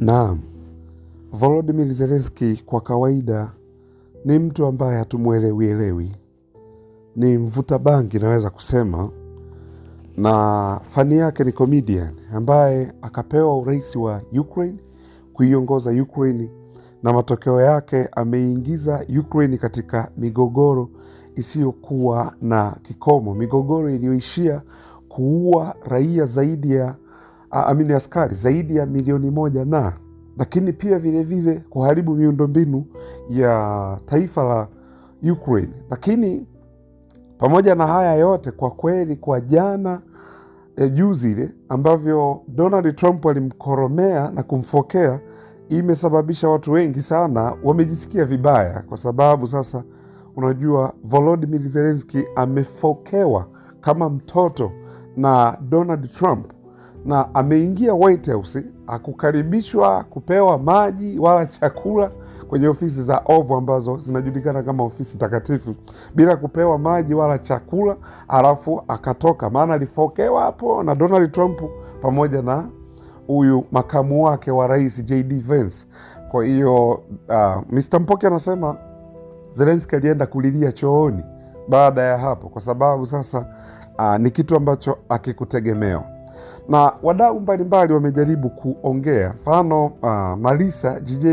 Naam, Volodymyr Zelensky kwa kawaida ni mtu ambaye hatumwelewi elewi, ni mvuta bangi naweza kusema, na fani yake ni comedian ambaye akapewa urais wa Ukraine kuiongoza Ukraine, na matokeo yake ameingiza Ukraine katika migogoro isiyokuwa na kikomo, migogoro iliyoishia kuua raia zaidi ya amini askari zaidi ya milioni moja na lakini pia vilevile kuharibu miundombinu ya taifa la Ukraine. Lakini pamoja na haya yote, kwa kweli, kwa jana e, juzi ile ambavyo Donald Trump alimkoromea na kumfokea, imesababisha watu wengi sana wamejisikia vibaya, kwa sababu sasa unajua Volodymyr Zelensky amefokewa kama mtoto na Donald Trump na ameingia White House akukaribishwa kupewa maji wala chakula kwenye ofisi za ovu ambazo zinajulikana kama ofisi takatifu, bila kupewa maji wala chakula, alafu akatoka. Maana alifokewa hapo na Donald Trump pamoja na huyu makamu wake wa rais JD Vance. Kwa hiyo uh, Mr Mpoke anasema Zelenski alienda kulilia chooni baada ya hapo, kwa sababu sasa uh, ni kitu ambacho akikutegemewa na wadau mbalimbali wamejaribu kuongea. Mfano uh, Malisa JJ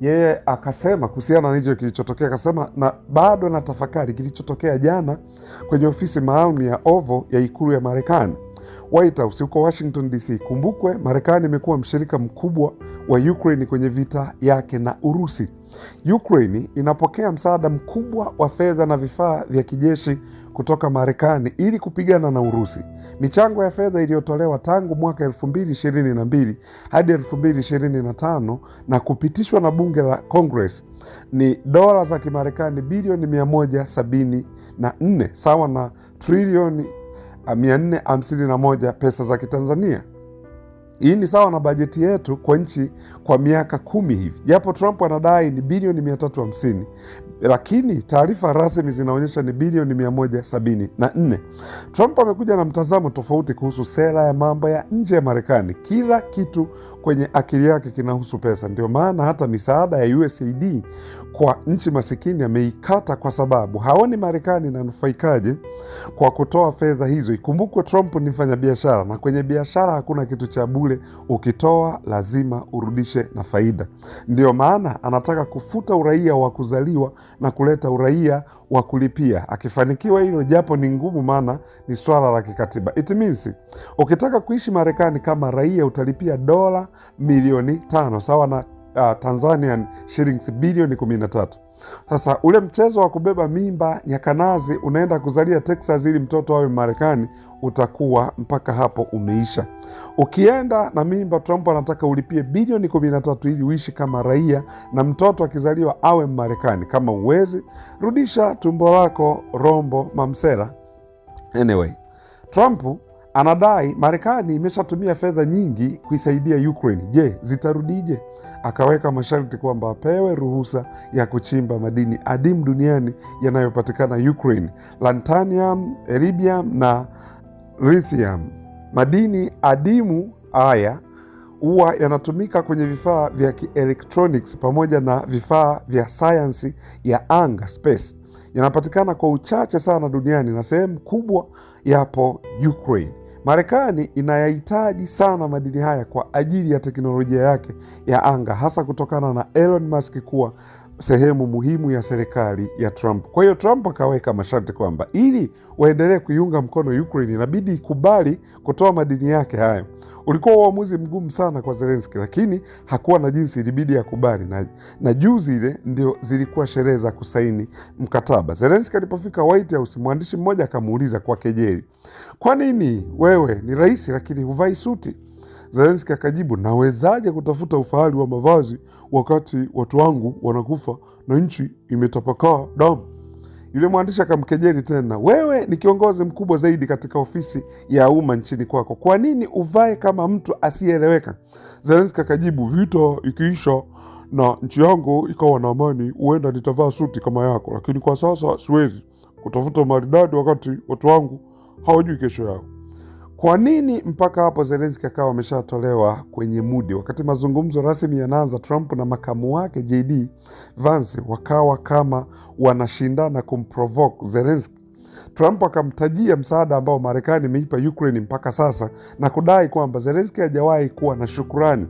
yeye akasema kuhusiana na hicho kilichotokea, akasema na bado na tafakari kilichotokea jana kwenye ofisi maalum ya ovo ya ikulu ya Marekani White House huko Washington DC. Kumbukwe Marekani imekuwa mshirika mkubwa wa Ukraine kwenye vita yake na Urusi. Ukraine inapokea msaada mkubwa wa fedha na vifaa vya kijeshi kutoka Marekani ili kupigana na Urusi. Michango ya fedha iliyotolewa tangu mwaka 2022 hadi 2025 na kupitishwa na bunge la Congress ni dola za Kimarekani bilioni 174 sawa na trilioni 451 pesa za Kitanzania. Hii ni sawa na bajeti yetu kwa nchi kwa miaka kumi hivi, japo Trump anadai ni bilioni 350 lakini taarifa rasmi zinaonyesha ni bilioni 174. Trump amekuja na mtazamo tofauti kuhusu sera ya mambo ya nje ya Marekani. Kila kitu kwenye akili yake kinahusu pesa. Ndio maana hata misaada ya USAID kwa nchi masikini ameikata, kwa sababu haoni Marekani inanufaikaje kwa kutoa fedha hizo. Ikumbukwe Trump ni mfanyabiashara, na kwenye biashara hakuna kitu cha bure. Ukitoa lazima urudishe na faida. Ndio maana anataka kufuta uraia wa kuzaliwa na kuleta uraia wa kulipia. Akifanikiwa hilo, japo ni ngumu, maana ni swala la kikatiba. It means ukitaka kuishi Marekani kama raia utalipia dola milioni tano sawa na uh, Tanzanian shillings bilioni 13. Sasa ule mchezo wa kubeba mimba nyakanazi unaenda kuzalia Texas ili mtoto awe Marekani utakuwa mpaka hapo umeisha. Ukienda na mimba, Trump anataka ulipie bilioni 13 ili uishi kama raia na mtoto akizaliwa awe Marekani. Kama uwezi rudisha tumbo lako, rombo mamsera. Anyway, Trump Anadai Marekani imeshatumia fedha nyingi kuisaidia Ukraine. Je, zitarudije? Akaweka masharti kwamba apewe ruhusa ya kuchimba madini adimu duniani yanayopatikana Ukraine, lantanium, eribium na lithium. Madini adimu haya huwa yanatumika kwenye vifaa vya kielektroniki pamoja na vifaa vya sayansi ya anga space. Yanapatikana kwa uchache sana duniani na sehemu kubwa yapo Ukraine. Marekani inayahitaji sana madini haya kwa ajili ya teknolojia yake ya anga, hasa kutokana na Elon Musk kuwa sehemu muhimu ya serikali ya Trump. Kwa hiyo Trump akaweka masharti kwamba ili waendelee kuiunga mkono Ukraine inabidi ikubali kutoa madini yake hayo ulikuwa uamuzi mgumu sana kwa Zelenski, lakini hakuwa na jinsi, ilibidi yakubali. Na, na juu zile ndio zilikuwa sherehe za kusaini mkataba. Zelenski alipofika White House, mwandishi mmoja akamuuliza kwa kejeli, kwa nini wewe ni rais lakini huvai suti? Zelenski akajibu, nawezaje kutafuta ufahari wa mavazi wakati watu wangu wanakufa na nchi imetapakaa damu? Yule mwandishi akamkejeli tena, wewe ni kiongozi mkubwa zaidi katika ofisi ya umma nchini kwako, kwa nini uvae kama mtu asiyeeleweka? Zelenski akajibu, vita ikiisha na nchi yangu ikawa na amani, huenda nitavaa suti kama yako, lakini kwa sasa siwezi kutafuta maridadi wakati watu wangu hawajui kesho yao. Kwa nini mpaka hapo Zelenski akawa ameshatolewa kwenye mudi, wakati mazungumzo rasmi yanaanza? Trump na makamu wake JD Vance wakawa kama wanashindana kumprovoke Zelenski. Trump akamtajia msaada ambao Marekani imeipa Ukraine mpaka sasa na kudai kwamba Zelenski hajawahi kuwa na shukurani.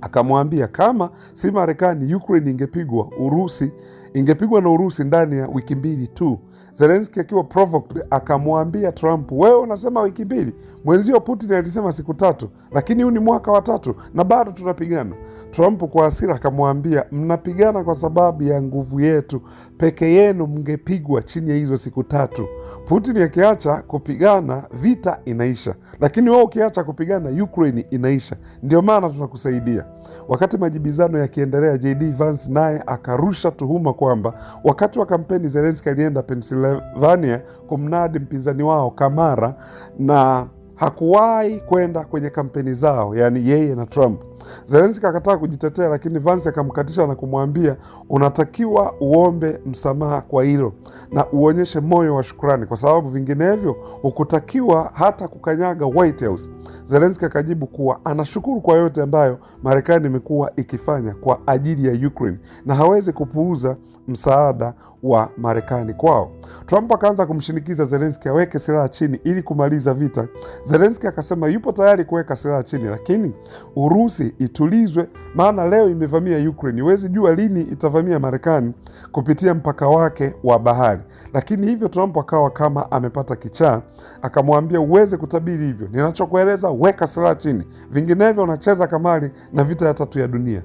Akamwambia kama si Marekani, Ukraine ingepigwa Urusi, ingepigwa na Urusi ndani ya wiki mbili tu. Zelenski akiwa provoked akamwambia Trump, wewe unasema wiki mbili, mwenzio Putin alisema siku tatu, lakini huu ni mwaka wa tatu na bado tunapigana. Trump kwa hasira akamwambia, mnapigana kwa sababu ya nguvu yetu peke yenu, mngepigwa chini ya hizo siku tatu. Putin akiacha kupigana vita inaisha, lakini wewe ukiacha kupigana Ukraine inaisha. Ndio maana tunakusaidia. Wakati majibizano yakiendelea, JD Vance naye akarusha tuhuma kwamba wakati wa kampeni Zelenski alienda Pennsylvania Pennsylvania kumnadi mpinzani wao Kamara na hakuwahi kwenda kwenye kampeni zao, yaani yeye na Trump. Zelenski akataka kujitetea, lakini Vance akamkatisha na kumwambia, unatakiwa uombe msamaha kwa hilo na uonyeshe moyo wa shukrani, kwa sababu vinginevyo hukutakiwa hata kukanyaga White House. Zelenski akajibu kuwa anashukuru kwa yote ambayo Marekani imekuwa ikifanya kwa ajili ya Ukraine na hawezi kupuuza msaada wa Marekani kwao. Trump akaanza kumshinikiza Zelenski aweke silaha chini ili kumaliza vita. Zelenski akasema yupo tayari kuweka silaha chini, lakini Urusi itulizwe, maana leo imevamia Ukraine. Huwezi jua lini itavamia Marekani kupitia mpaka wake wa bahari. Lakini hivyo Trump akawa kama amepata kichaa, akamwambia uweze kutabiri hivyo, ninachokueleza weka silaha chini, vinginevyo unacheza kamari na vita ya tatu ya dunia.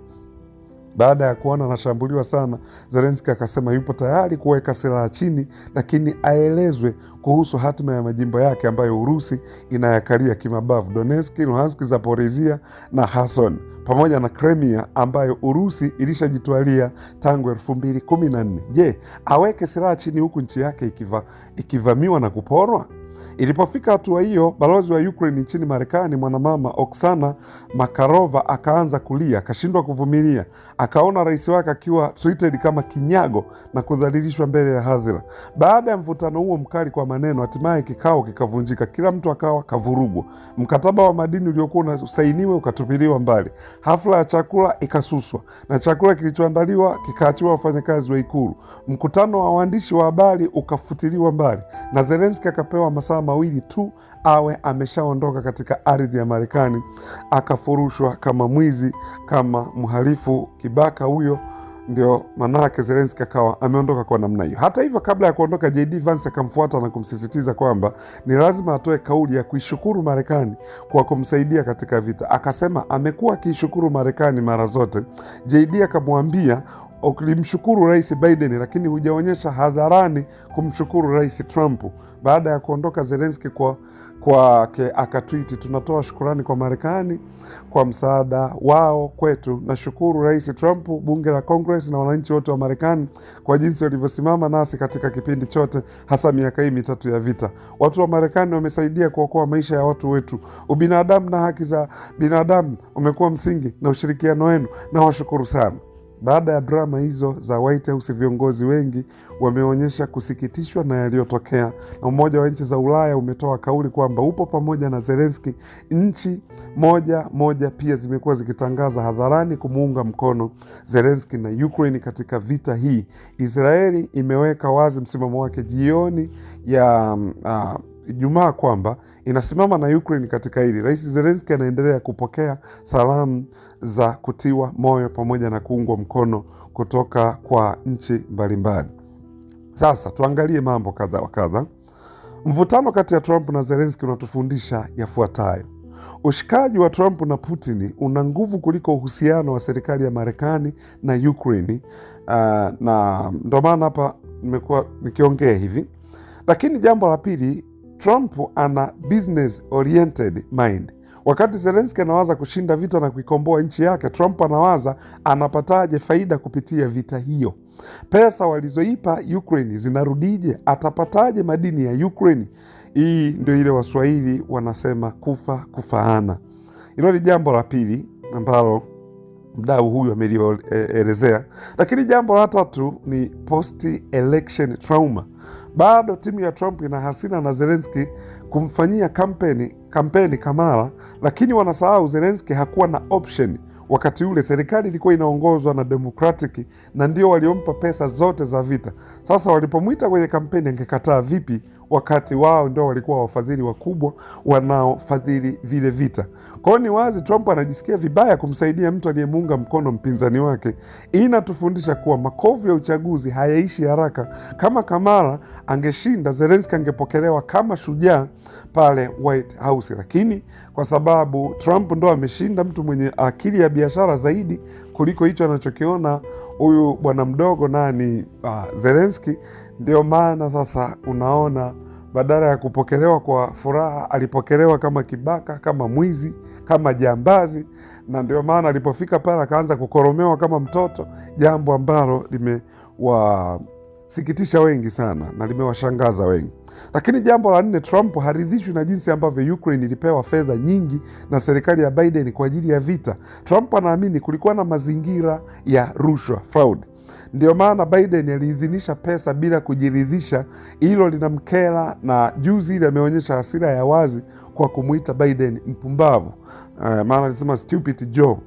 Baada ya kuona anashambuliwa sana, Zelenski akasema yupo tayari kuweka silaha chini, lakini aelezwe kuhusu hatima ya majimbo yake ambayo Urusi inayakalia kimabavu: Donetski, Luhanski, Zaporizia na Hason, pamoja na kremia ambayo Urusi ilishajitwalia tangu elfu mbili kumi na nne. Je, aweke silaha chini huku nchi yake ikiva, ikivamiwa na kuporwa? Ilipofika hatua hiyo, balozi wa Ukraine nchini Marekani, mwanamama Oksana Makarova, akaanza kulia, akashindwa kuvumilia, akaona rais wake akiwa treated kama kinyago na kudhalilishwa mbele ya hadhira. Baada ya mvutano huo mkali kwa maneno, hatimaye kikao kikavunjika, kila mtu akawa kavurugwa. Mkataba wa madini uliokuwa unasainiwe ukatupiliwa mbali, hafla ya chakula ikasuswa na chakula kilichoandaliwa kikaachiwa wafanyakazi wa Ikulu. Mkutano wa waandishi wa habari ukafutiliwa mbali na Zelenski akapewa masaa mawili tu awe ameshaondoka katika ardhi ya Marekani, akafurushwa kama mwizi, kama mhalifu. Kibaka huyo ndio manake Zelenski akawa ameondoka kwa namna hiyo. Hata hivyo, kabla ya kuondoka, JD Vance akamfuata na kumsisitiza kwamba ni lazima atoe kauli ya kuishukuru Marekani kwa kumsaidia katika vita. Akasema amekuwa akiishukuru Marekani mara zote. JD akamwambia ulimshukuru Rais Biden lakini hujaonyesha hadharani kumshukuru Rais Trump. Baada ya kuondoka Zelenski kwake akatwiti, tunatoa shukurani kwa Marekani kwa msaada wao kwetu. Nashukuru Rais Trump, bunge la Congress na wananchi wote wa Marekani kwa jinsi walivyosimama nasi katika kipindi chote, hasa miaka hii mitatu ya vita. Watu wa Marekani wamesaidia kuokoa maisha ya watu wetu. Ubinadamu na haki za binadamu umekuwa msingi na ushirikiano wenu, nawashukuru sana. Baada ya drama hizo za White House, viongozi wengi wameonyesha kusikitishwa na yaliyotokea, na Umoja wa Nchi za Ulaya umetoa kauli kwamba upo pamoja na zelenski Nchi moja moja pia zimekuwa zikitangaza hadharani kumuunga mkono zelenski na Ukraine katika vita hii. Israeli imeweka wazi msimamo wake jioni ya um, uh, Ijumaa kwamba inasimama na Ukraine katika hili. Rais Zelensky anaendelea kupokea salamu za kutiwa moyo pamoja na kuungwa mkono kutoka kwa nchi mbalimbali. Sasa tuangalie mambo kadha wa kadha. Mvutano kati ya Trump na Zelensky unatufundisha yafuatayo. Ushikaji wa Trump na Putin una nguvu kuliko uhusiano wa serikali ya Marekani na Ukraine. Uh, na ndomaana maana hapa nimekuwa nikiongea hivi. Lakini jambo la pili, Trump ana business oriented mind. Wakati Zelenski anawaza kushinda vita na kuikomboa nchi yake, Trump anawaza anapataje faida kupitia vita hiyo. Pesa walizoipa Ukraine zinarudije? Atapataje madini ya Ukraine? Hii ndio ile Waswahili wanasema kufa kufaana. Hilo ni jambo la pili ambalo mdau huyu amelielezea, lakini jambo la tatu ni post election trauma. Bado timu ya Trump ina hasina na Zelenski kumfanyia kampeni, kampeni Kamala, lakini wanasahau Zelenski hakuwa na option wakati ule. Serikali ilikuwa inaongozwa na Democratic na ndio waliompa pesa zote za vita. Sasa walipomwita kwenye kampeni, angekataa vipi? wakati wao ndio walikuwa wafadhili wakubwa wanaofadhili vile vita. Kwa hiyo ni wazi Trump anajisikia vibaya kumsaidia mtu aliyemuunga mkono mpinzani wake. inatufundisha kuwa makovu ya uchaguzi hayaishi haraka. Kama Kamala angeshinda, Zelenski angepokelewa kama shujaa pale White House, lakini kwa sababu Trump ndo ameshinda, mtu mwenye akili ya biashara zaidi kuliko hicho anachokiona huyu bwana mdogo ni uh, ah, Zelenski. Ndio maana sasa unaona badala ya kupokelewa kwa furaha alipokelewa kama kibaka, kama mwizi, kama jambazi, na ndio maana alipofika pale akaanza kukoromewa kama mtoto, jambo ambalo limewasikitisha wengi sana na limewashangaza wengi. Lakini jambo la nne, Trump haridhishwi na jinsi ambavyo Ukraine ilipewa fedha nyingi na serikali ya Biden kwa ajili ya vita. Trump anaamini kulikuwa na mazingira ya rushwa, fraud. Ndio maana Biden aliidhinisha pesa bila kujiridhisha. Hilo linamkera, na juzi ile ameonyesha hasira ya wazi kwa kumwita Biden mpumbavu. Uh, maana alisema stupid Joe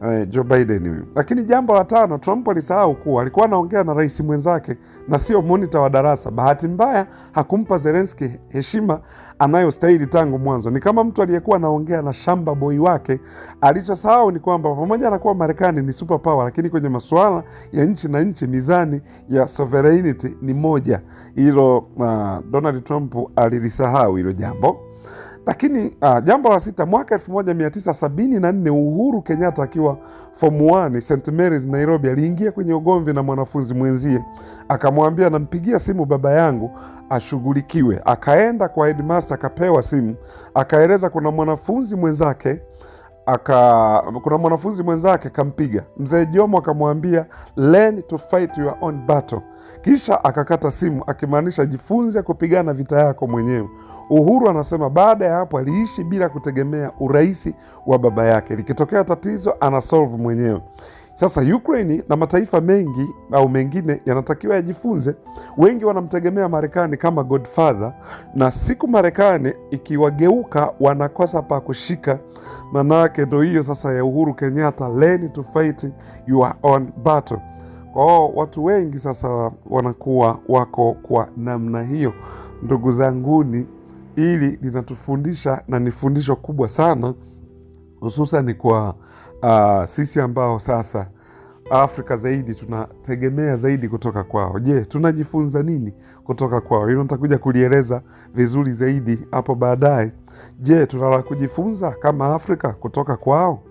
uh, Joe Biden. Lakini jambo la tano, Trump alisahau kuwa alikuwa anaongea na rais mwenzake na sio monita wa darasa. Bahati mbaya hakumpa zelenski heshima anayostahili tangu mwanzo. Ni kama mtu aliyekuwa anaongea na shamba boi wake. Alichosahau ni kwamba pamoja na kuwa Marekani ni super power, lakini kwenye masuala ya nchi na nchi, mizani ya sovereignty ni moja. Hilo uh, Donald Trump alilisahau hilo jambo. Lakini uh, jambo la sita, mwaka 1974 Uhuru Kenyatta akiwa form 1 St Mary's Nairobi, aliingia kwenye ugomvi na mwanafunzi mwenzie, akamwambia nampigia simu baba yangu ashughulikiwe. Akaenda kwa headmaster, akapewa simu, akaeleza kuna mwanafunzi mwenzake aka kuna mwanafunzi mwenzake akampiga mzee Jomo, akamwambia learn to fight your own battle, kisha akakata simu, akimaanisha jifunze kupigana vita yako mwenyewe. Uhuru anasema baada ya hapo aliishi bila kutegemea urahisi wa baba yake, likitokea tatizo anasolve mwenyewe. Sasa Ukraini na mataifa mengi au mengine yanatakiwa yajifunze. Wengi wanamtegemea Marekani kama godfather, na siku Marekani ikiwageuka wanakosa pa kushika. Manake ndo hiyo sasa ya Uhuru Kenyatta, learn to fight your own battle. watu wengi sasa wanakuwa wako kwa namna hiyo, ndugu zanguni, ili linatufundisha na ni fundisho kubwa sana hususan kwa uh, sisi ambao sasa Afrika zaidi tunategemea zaidi kutoka kwao. Je, tunajifunza nini kutoka kwao? Hilo nitakuja kulieleza vizuri zaidi hapo baadaye. Je, tunala kujifunza kama Afrika kutoka kwao?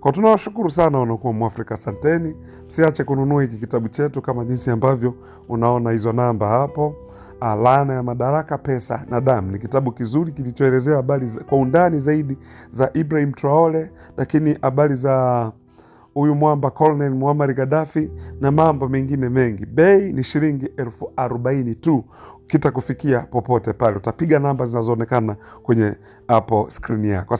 Kwa tunawashukuru sana wanaokuwa Mwafrika, asanteni. Msiache kununua hiki kitabu chetu kama jinsi ambavyo unaona hizo namba hapo. Ah, laana ya Madaraka, Pesa na Damu ni kitabu kizuri kilichoelezea habari kwa undani zaidi za Ibrahim Traore, lakini habari za huyu mwamba Colonel Muammar Gaddafi na mambo mengine mengi. Bei ni shilingi elfu arobaini tu, kitakufikia popote pale, utapiga namba zinazoonekana kwenye hapo skrini yako.